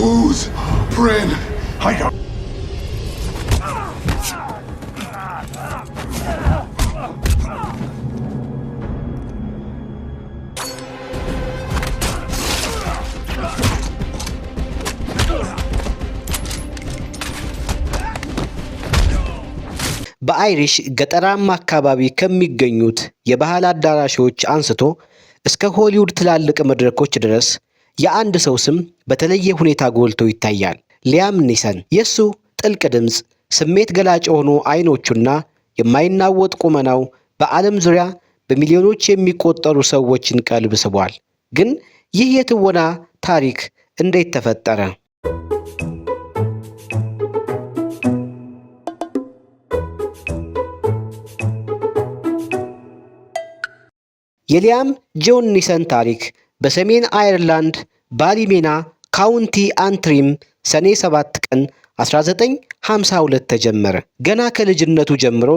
Who's Bryn? I got. በአይሪሽ ገጠራማ አካባቢ ከሚገኙት የባህል አዳራሾች አንስቶ እስከ ሆሊውድ ትላልቅ መድረኮች ድረስ የአንድ ሰው ስም በተለየ ሁኔታ ጎልቶ ይታያል። ሊያም ኒሰን የእሱ ጥልቅ ድምፅ፣ ስሜት ገላጭ የሆኑ አይኖቹና የማይናወጥ ቁመናው በዓለም ዙሪያ በሚሊዮኖች የሚቆጠሩ ሰዎችን ቀልብ ስቧል። ግን ይህ የትወና ታሪክ እንዴት ተፈጠረ? የሊያም ጆን ኒሰን ታሪክ በሰሜን አየርላንድ ባሊሜና ካውንቲ አንትሪም ሰኔ 7 ቀን 1952 ተጀመረ። ገና ከልጅነቱ ጀምሮ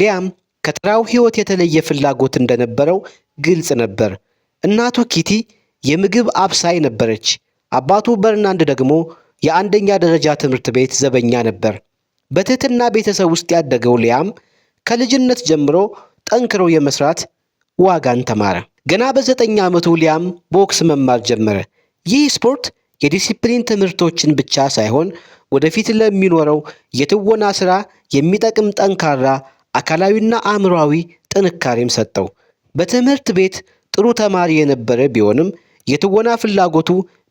ሊያም ከተራው ሕይወት የተለየ ፍላጎት እንደነበረው ግልጽ ነበር። እናቱ ኪቲ የምግብ አብሳይ ነበረች። አባቱ በርናንድ ደግሞ የአንደኛ ደረጃ ትምህርት ቤት ዘበኛ ነበር። በትህትና ቤተሰብ ውስጥ ያደገው ሊያም ከልጅነት ጀምሮ ጠንክሮ የመስራት ዋጋን ተማረ። ገና በዘጠኝ ዓመቱ ሊያም ቦክስ መማር ጀመረ። ይህ ስፖርት የዲሲፕሊን ትምህርቶችን ብቻ ሳይሆን ወደፊት ለሚኖረው የትወና ሥራ የሚጠቅም ጠንካራ አካላዊና አእምሯዊ ጥንካሬም ሰጠው። በትምህርት ቤት ጥሩ ተማሪ የነበረ ቢሆንም የትወና ፍላጎቱ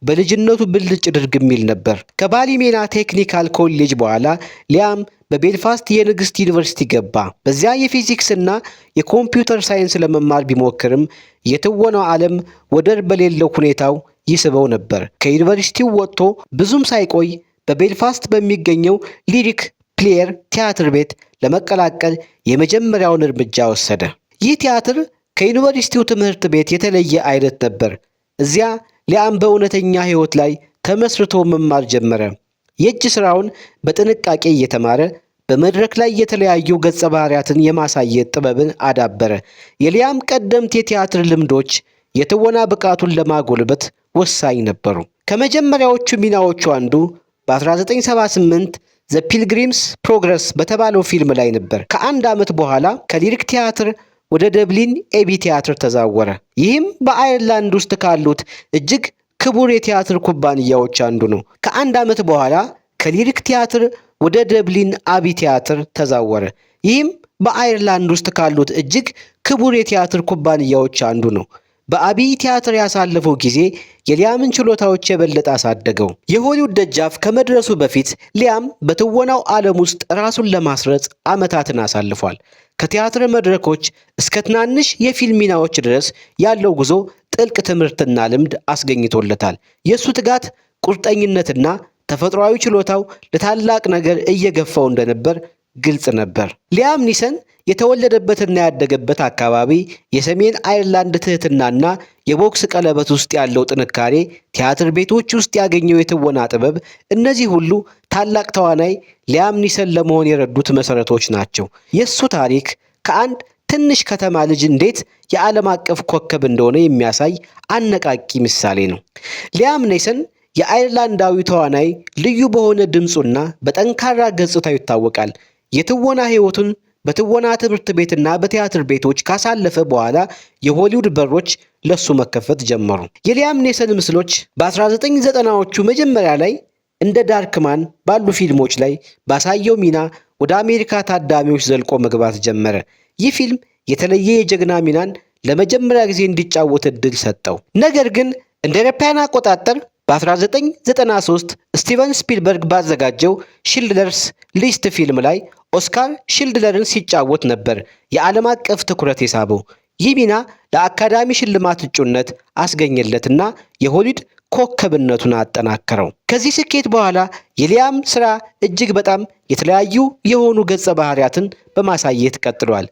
በልጅነቱ ብልጭ ድርግ የሚል ነበር። ከባሊሜና ቴክኒካል ኮሌጅ በኋላ ሊያም በቤልፋስት የንግሥት ዩኒቨርሲቲ ገባ። በዚያ የፊዚክስና የኮምፒውተር ሳይንስ ለመማር ቢሞክርም የትወናው ዓለም ወደር በሌለው ሁኔታው ይስበው ነበር። ከዩኒቨርሲቲው ወጥቶ ብዙም ሳይቆይ በቤልፋስት በሚገኘው ሊሪክ ፕሌየር ቲያትር ቤት ለመቀላቀል የመጀመሪያውን እርምጃ ወሰደ። ይህ ቲያትር ከዩኒቨርሲቲው ትምህርት ቤት የተለየ አይነት ነበር። እዚያ ሊያም በእውነተኛ ሕይወት ላይ ተመስርቶ መማር ጀመረ። የእጅ ሥራውን በጥንቃቄ እየተማረ በመድረክ ላይ የተለያዩ ገጸ ባህሪያትን የማሳየት ጥበብን አዳበረ። የሊያም ቀደምት የቲያትር ልምዶች የትወና ብቃቱን ለማጎልበት ወሳኝ ነበሩ። ከመጀመሪያዎቹ ሚናዎቹ አንዱ በ1978 ዘ ፒልግሪምስ ፕሮግረስ በተባለው ፊልም ላይ ነበር። ከአንድ ዓመት በኋላ ከሊሪክ ቲያትር ወደ ደብሊን ኤቢ ቲያትር ተዛወረ። ይህም በአየርላንድ ውስጥ ካሉት እጅግ ክቡር የቲያትር ኩባንያዎች አንዱ ነው። ከአንድ ዓመት በኋላ ከሊሪክ ቲያትር ወደ ደብሊን አቢ ቲያትር ተዛወረ። ይህም በአየርላንድ ውስጥ ካሉት እጅግ ክቡር የቲያትር ኩባንያዎች አንዱ ነው። በአብይ ቲያትር ያሳለፈው ጊዜ የሊያምን ችሎታዎች የበለጠ አሳደገው። የሆሊውድ ደጃፍ ከመድረሱ በፊት ሊያም በትወናው ዓለም ውስጥ ራሱን ለማስረጽ ዓመታትን አሳልፏል። ከቲያትር መድረኮች እስከ ትናንሽ የፊልም ሚናዎች ድረስ ያለው ጉዞ ጥልቅ ትምህርትና ልምድ አስገኝቶለታል። የእሱ ትጋት፣ ቁርጠኝነትና ተፈጥሯዊ ችሎታው ለታላቅ ነገር እየገፋው እንደነበር ግልጽ ነበር። ሊያም ኒሰን የተወለደበትና ያደገበት አካባቢ የሰሜን አይርላንድ ትህትናና የቦክስ ቀለበት ውስጥ ያለው ጥንካሬ፣ ቲያትር ቤቶች ውስጥ ያገኘው የትወና ጥበብ፣ እነዚህ ሁሉ ታላቅ ተዋናይ ሊያም ኒሰን ለመሆን የረዱት መሰረቶች ናቸው። የእሱ ታሪክ ከአንድ ትንሽ ከተማ ልጅ እንዴት የዓለም አቀፍ ኮከብ እንደሆነ የሚያሳይ አነቃቂ ምሳሌ ነው። ሊያም ኔሰን የአይርላንዳዊ ተዋናይ ልዩ በሆነ ድምፁና በጠንካራ ገጽታው ይታወቃል። የትወና ህይወቱን በትወና ትምህርት ቤትና በቲያትር ቤቶች ካሳለፈ በኋላ የሆሊውድ በሮች ለሱ መከፈት ጀመሩ። የሊያም ኔሰን ምስሎች በ1990ዎቹ መጀመሪያ ላይ እንደ ዳርክማን ባሉ ፊልሞች ላይ ባሳየው ሚና ወደ አሜሪካ ታዳሚዎች ዘልቆ መግባት ጀመረ። ይህ ፊልም የተለየ የጀግና ሚናን ለመጀመሪያ ጊዜ እንዲጫወት እድል ሰጠው። ነገር ግን እንደ አውሮፓውያን አቆጣጠር በ1993 ስቲቨን ስፒልበርግ ባዘጋጀው ሽልደርስ ሊስት ፊልም ላይ ኦስካር ሽልድለርን ሲጫወት ነበር የዓለም አቀፍ ትኩረት የሳበው። ይህ ሚና ለአካዳሚ ሽልማት እጩነት አስገኘለትና የሆሊድ ኮከብነቱን አጠናከረው። ከዚህ ስኬት በኋላ የሊያም ስራ እጅግ በጣም የተለያዩ የሆኑ ገጸ ባህሪያትን በማሳየት ቀጥሏል።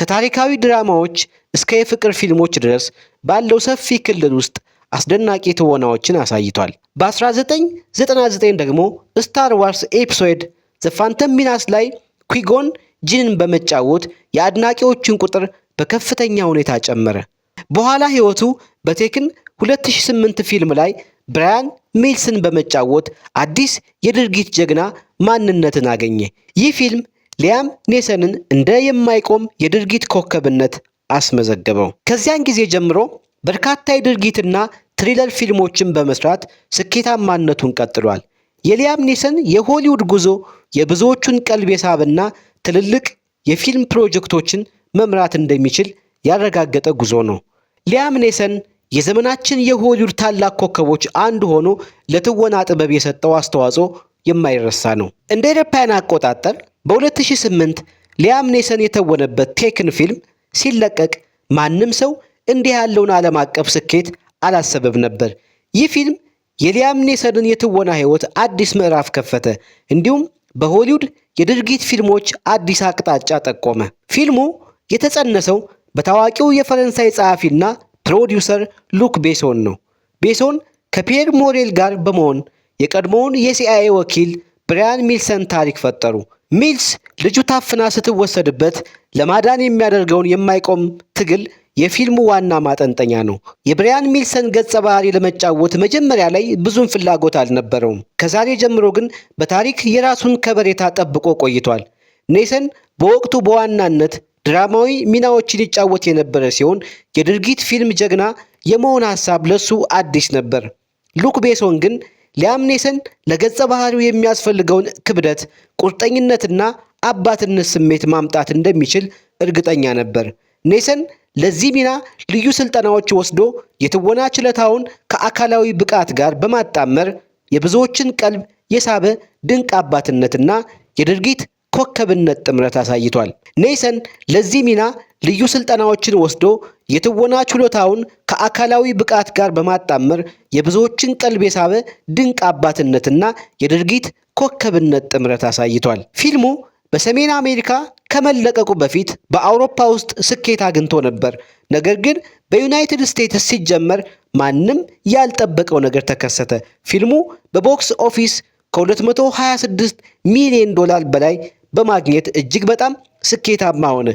ከታሪካዊ ድራማዎች እስከ የፍቅር ፊልሞች ድረስ ባለው ሰፊ ክልል ውስጥ አስደናቂ ትወናዎችን አሳይቷል። በ1999 ደግሞ ስታር ዋርስ ኤፒሶድ ዘ ፋንተም ሚናስ ላይ ኩጎን ጂንን በመጫወት የአድናቂዎችን ቁጥር በከፍተኛ ሁኔታ ጨመረ። በኋላ ሕይወቱ በቴክን 2008 ፊልም ላይ ብራያን ሚልስን በመጫወት አዲስ የድርጊት ጀግና ማንነትን አገኘ። ይህ ፊልም ሊያም ኔሰንን እንደ የማይቆም የድርጊት ኮከብነት አስመዘገበው። ከዚያን ጊዜ ጀምሮ በርካታ የድርጊትና ትሪለር ፊልሞችን በመስራት ስኬታማነቱን ቀጥሏል። የሊያም ኒሰን የሆሊውድ ጉዞ የብዙዎቹን ቀልብ የሳብና ትልልቅ የፊልም ፕሮጀክቶችን መምራት እንደሚችል ያረጋገጠ ጉዞ ነው። ሊያም ኔሰን የዘመናችን የሆሊውድ ታላቅ ኮከቦች አንዱ ሆኖ ለትወና ጥበብ የሰጠው አስተዋጽኦ የማይረሳ ነው። እንደ ኤሮፓያን አቆጣጠር በ2008 ሊያም ኔሰን የተወነበት ቴክን ፊልም ሲለቀቅ ማንም ሰው እንዲህ ያለውን ዓለም አቀፍ ስኬት አላሰበም ነበር። ይህ ፊልም የሊያም ኔሰንን የትወና ህይወት አዲስ ምዕራፍ ከፈተ። እንዲሁም በሆሊውድ የድርጊት ፊልሞች አዲስ አቅጣጫ ጠቆመ። ፊልሙ የተጸነሰው በታዋቂው የፈረንሳይ ጸሐፊና ፕሮዲውሰር ሉክ ቤሶን ነው። ቤሶን ከፒየር ሞሬል ጋር በመሆን የቀድሞውን የሲአይኤ ወኪል ብሪያን ሚልሰን ታሪክ ፈጠሩ። ሚልስ ልጁ ታፍና ስትወሰድበት ለማዳን የሚያደርገውን የማይቆም ትግል የፊልሙ ዋና ማጠንጠኛ ነው። የብሪያን ሚልሰን ገጸ ባህሪ ለመጫወት መጀመሪያ ላይ ብዙም ፍላጎት አልነበረውም። ከዛሬ ጀምሮ ግን በታሪክ የራሱን ከበሬታ ጠብቆ ቆይቷል። ኔሰን በወቅቱ በዋናነት ድራማዊ ሚናዎችን ይጫወት የነበረ ሲሆን የድርጊት ፊልም ጀግና የመሆን ሀሳብ ለሱ አዲስ ነበር። ሉክ ቤሶን ግን ሊያም ኔሰን ለገጸ ባህሪው የሚያስፈልገውን ክብደት፣ ቁርጠኝነትና አባትነት ስሜት ማምጣት እንደሚችል እርግጠኛ ነበር። ኔሰን ለዚህ ሚና ልዩ ስልጠናዎች ወስዶ የትወና ችሎታውን ከአካላዊ ብቃት ጋር በማጣመር የብዙዎችን ቀልብ የሳበ ድንቅ አባትነትና የድርጊት ኮከብነት ጥምረት አሳይቷል። ኔይሰን ለዚህ ሚና ልዩ ስልጠናዎችን ወስዶ የትወና ችሎታውን ከአካላዊ ብቃት ጋር በማጣመር የብዙዎችን ቀልብ የሳበ ድንቅ አባትነትና የድርጊት ኮከብነት ጥምረት አሳይቷል። ፊልሙ በሰሜን አሜሪካ ከመለቀቁ በፊት በአውሮፓ ውስጥ ስኬት አግኝቶ ነበር። ነገር ግን በዩናይትድ ስቴትስ ሲጀመር ማንም ያልጠበቀው ነገር ተከሰተ። ፊልሙ በቦክስ ኦፊስ ከ226 ሚሊዮን ዶላር በላይ በማግኘት እጅግ በጣም ስኬታማ ሆነ።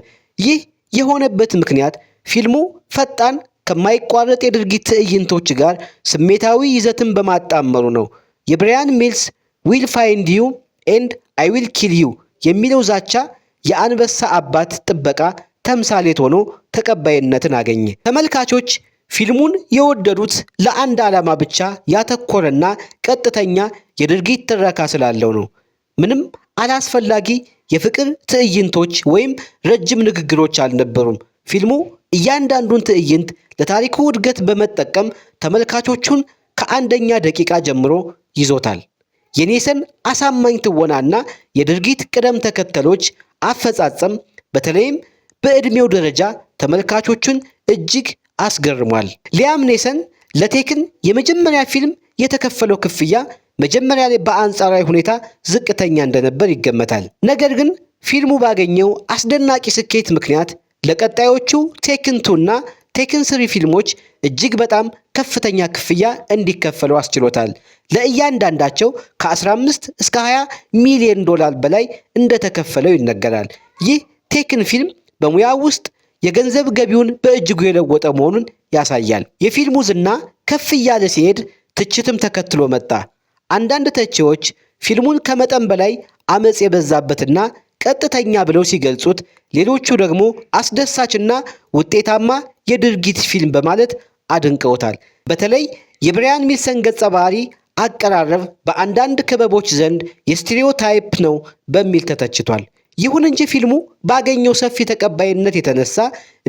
ይህ የሆነበት ምክንያት ፊልሙ ፈጣን ከማይቋረጥ የድርጊት ትዕይንቶች ጋር ስሜታዊ ይዘትን በማጣመሩ ነው። የብሪያን ሚልስ ዊል ፋይንድ ዩ ኤንድ አይ ዊል ኪል ዩ የሚለው ዛቻ የአንበሳ አባት ጥበቃ ተምሳሌት ሆኖ ተቀባይነትን አገኘ። ተመልካቾች ፊልሙን የወደዱት ለአንድ ዓላማ ብቻ ያተኮረና ቀጥተኛ የድርጊት ትረካ ስላለው ነው። ምንም አላስፈላጊ የፍቅር ትዕይንቶች ወይም ረጅም ንግግሮች አልነበሩም። ፊልሙ እያንዳንዱን ትዕይንት ለታሪኩ እድገት በመጠቀም ተመልካቾቹን ከአንደኛ ደቂቃ ጀምሮ ይዞታል። የኔሰን አሳማኝ ትወናና የድርጊት ቅደም ተከተሎች አፈጻጸም በተለይም በዕድሜው ደረጃ ተመልካቾቹን እጅግ አስገርሟል። ሊያም ኔሰን ለቴክን የመጀመሪያ ፊልም የተከፈለው ክፍያ መጀመሪያ ላይ በአንጻራዊ ሁኔታ ዝቅተኛ እንደነበር ይገመታል። ነገር ግን ፊልሙ ባገኘው አስደናቂ ስኬት ምክንያት ለቀጣዮቹ ቴክን ቱ እና ቴክን ስሪ ፊልሞች እጅግ በጣም ከፍተኛ ክፍያ እንዲከፈለው አስችሎታል። ለእያንዳንዳቸው ከ15 እስከ 20 ሚሊዮን ዶላር በላይ እንደተከፈለው ይነገራል። ይህ ቴክን ፊልም በሙያው ውስጥ የገንዘብ ገቢውን በእጅጉ የለወጠ መሆኑን ያሳያል። የፊልሙ ዝና ከፍ እያለ ሲሄድ ትችትም ተከትሎ መጣ። አንዳንድ ተቺዎች ፊልሙን ከመጠን በላይ አመፅ የበዛበትና ቀጥተኛ ብለው ሲገልጹት፣ ሌሎቹ ደግሞ አስደሳችና ውጤታማ የድርጊት ፊልም በማለት አድንቀውታል። በተለይ የብሪያን ሚልሰን ገጸ ባህሪ አቀራረብ በአንዳንድ ክበቦች ዘንድ የስቴሪዮታይፕ ነው በሚል ተተችቷል። ይሁን እንጂ ፊልሙ ባገኘው ሰፊ ተቀባይነት የተነሳ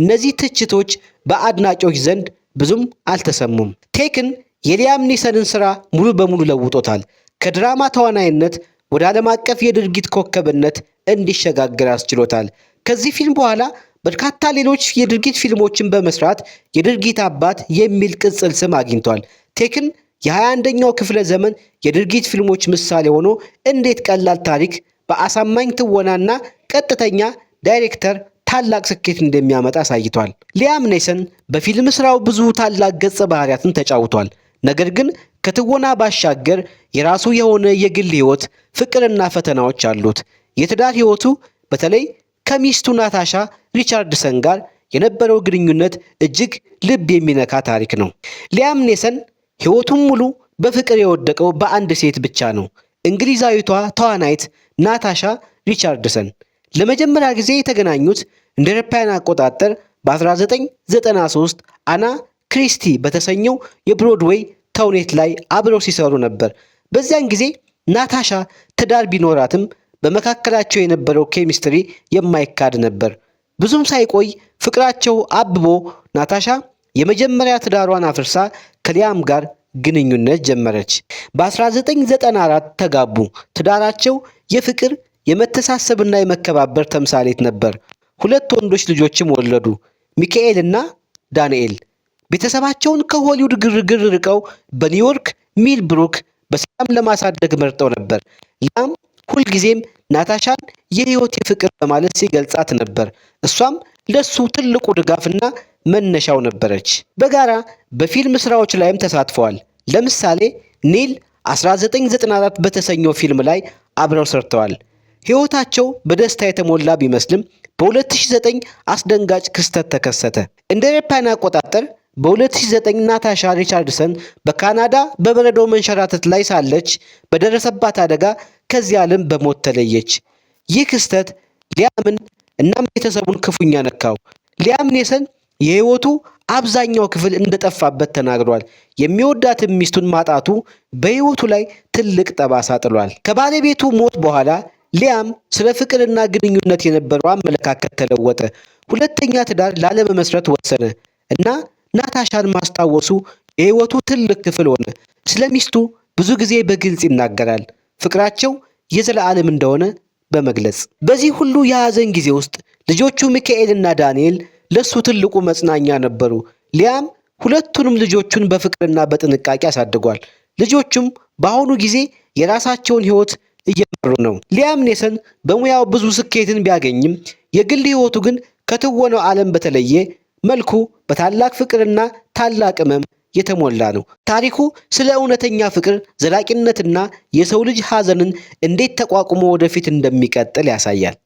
እነዚህ ትችቶች በአድናቂዎች ዘንድ ብዙም አልተሰሙም። ቴክን የሊያም ኒሰንን ስራ ሙሉ በሙሉ ለውጦታል። ከድራማ ተዋናይነት ወደ ዓለም አቀፍ የድርጊት ኮከብነት እንዲሸጋገር አስችሎታል። ከዚህ ፊልም በኋላ በርካታ ሌሎች የድርጊት ፊልሞችን በመስራት የድርጊት አባት የሚል ቅጽል ስም አግኝቷል። ቴክን የ21ኛው ክፍለ ዘመን የድርጊት ፊልሞች ምሳሌ ሆኖ እንዴት ቀላል ታሪክ በአሳማኝ ትወናና ቀጥተኛ ዳይሬክተር ታላቅ ስኬት እንደሚያመጣ አሳይቷል። ሊያም ኔሰን በፊልም ስራው ብዙ ታላቅ ገጸ ባህሪያትን ተጫውቷል። ነገር ግን ከትወና ባሻገር የራሱ የሆነ የግል ህይወት፣ ፍቅርና ፈተናዎች አሉት። የትዳር ህይወቱ በተለይ ከሚስቱ ናታሻ ሪቻርድሰን ጋር የነበረው ግንኙነት እጅግ ልብ የሚነካ ታሪክ ነው። ሊያም ኔሰን ሕይወቱን ሙሉ በፍቅር የወደቀው በአንድ ሴት ብቻ ነው። እንግሊዛዊቷ ተዋናይት ናታሻ ሪቻርድሰን ለመጀመሪያ ጊዜ የተገናኙት እንደ አውሮፓውያን አቆጣጠር በ1993 አና ክሪስቲ በተሰኘው የብሮድዌይ ተውኔት ላይ አብረው ሲሰሩ ነበር። በዚያን ጊዜ ናታሻ ትዳር ቢኖራትም በመካከላቸው የነበረው ኬሚስትሪ የማይካድ ነበር። ብዙም ሳይቆይ ፍቅራቸው አብቦ ናታሻ የመጀመሪያ ትዳሯን አፍርሳ ከሊያም ጋር ግንኙነት ጀመረች። በ1994 ተጋቡ። ትዳራቸው የፍቅር የመተሳሰብና የመከባበር ተምሳሌት ነበር። ሁለት ወንዶች ልጆችም ወለዱ፣ ሚካኤል እና ዳንኤል። ቤተሰባቸውን ከሆሊውድ ግርግር ርቀው በኒውዮርክ ሚልብሩክ በሰላም ለማሳደግ መርጠው ነበር። ሊያም ሁልጊዜም ናታሻን የህይወቴ ፍቅር በማለት ሲገልጻት ነበር። እሷም ለሱ ትልቁ ድጋፍና መነሻው ነበረች። በጋራ በፊልም ስራዎች ላይም ተሳትፈዋል። ለምሳሌ ኒል 1994 በተሰኘው ፊልም ላይ አብረው ሰርተዋል። ህይወታቸው በደስታ የተሞላ ቢመስልም በ2009 አስደንጋጭ ክስተት ተከሰተ። እንደ አውሮፓውያን አቆጣጠር በ2009 ናታሻ ሪቻርድሰን በካናዳ በበረዶ መንሸራተት ላይ ሳለች በደረሰባት አደጋ ከዚህ ዓለም በሞት ተለየች። ይህ ክስተት ሊያምን እናም ቤተሰቡን ክፉኛ ነካው። ሊያም ኔሰን የሕይወቱ አብዛኛው ክፍል እንደጠፋበት ተናግሯል። የሚወዳትን ሚስቱን ማጣቱ በሕይወቱ ላይ ትልቅ ጠባሳ ጥሏል። ከባለቤቱ ሞት በኋላ ሊያም ስለ ፍቅርና ግንኙነት የነበረው አመለካከት ተለወጠ። ሁለተኛ ትዳር ላለመመስረት ወሰነ እና ናታሻን ማስታወሱ የህይወቱ ትልቅ ክፍል ሆነ። ስለ ሚስቱ ብዙ ጊዜ በግልጽ ይናገራል፣ ፍቅራቸው የዘለዓለም እንደሆነ በመግለጽ። በዚህ ሁሉ የሐዘን ጊዜ ውስጥ ልጆቹ ሚካኤልና ዳንኤል ለእሱ ትልቁ መጽናኛ ነበሩ። ሊያም ሁለቱንም ልጆቹን በፍቅርና በጥንቃቄ አሳድጓል። ልጆቹም በአሁኑ ጊዜ የራሳቸውን ህይወት እየመሩ ነው። ሊያም ኔሰን በሙያው ብዙ ስኬትን ቢያገኝም የግል ህይወቱ ግን ከትወነው ዓለም በተለየ መልኩ በታላቅ ፍቅርና ታላቅ ህመም የተሞላ ነው። ታሪኩ ስለ እውነተኛ ፍቅር ዘላቂነትና የሰው ልጅ ሐዘንን እንዴት ተቋቁሞ ወደፊት እንደሚቀጥል ያሳያል።